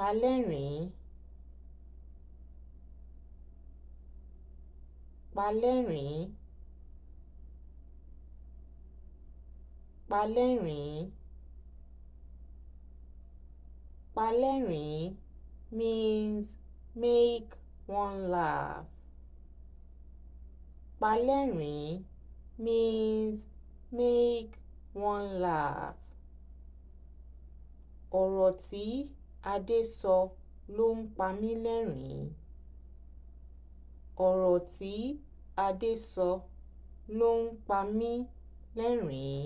Palẹ́rìn-ín Palẹ́rìn-ín Palẹ́rìn-ín Palẹ́rìn-ín means make one laugh. Palẹ́rìn-ín means make one laugh. Ọ̀rọ̀ tí àdesọ ló ń pa mí lẹ́rìn-ín ọ̀rọ̀ tí adé sọ ló ń pa mí lẹ́rìn-ín